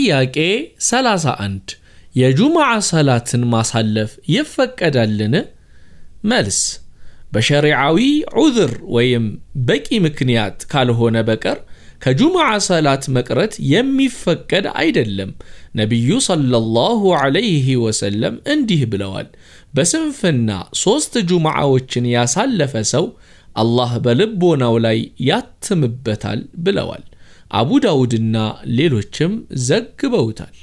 ጥያቄ 31 የጁምዓ ሰላትን ማሳለፍ ይፈቀዳልን? መልስ በሸሪዓዊ ዑዝር ወይም በቂ ምክንያት ካልሆነ በቀር ከጁምዓ ሰላት መቅረት የሚፈቀድ አይደለም። ነቢዩ ሰለላሁ ዐለይሂ ወሰለም እንዲህ ብለዋል፣ በስንፍና ሦስት ጁምዓዎችን ያሳለፈ ሰው አላህ በልቦናው ላይ ያትምበታል ብለዋል። አቡ ዳውድና ሌሎችም ዘግበውታል።